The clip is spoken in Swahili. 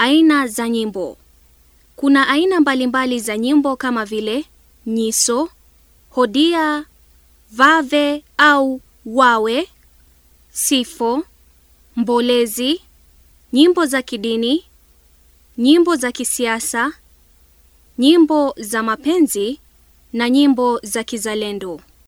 Aina za nyimbo. Kuna aina mbalimbali za nyimbo kama vile nyiso, hodia, vave au wawe, sifo, mbolezi, nyimbo za kidini, nyimbo za kisiasa, nyimbo za mapenzi na nyimbo za kizalendo.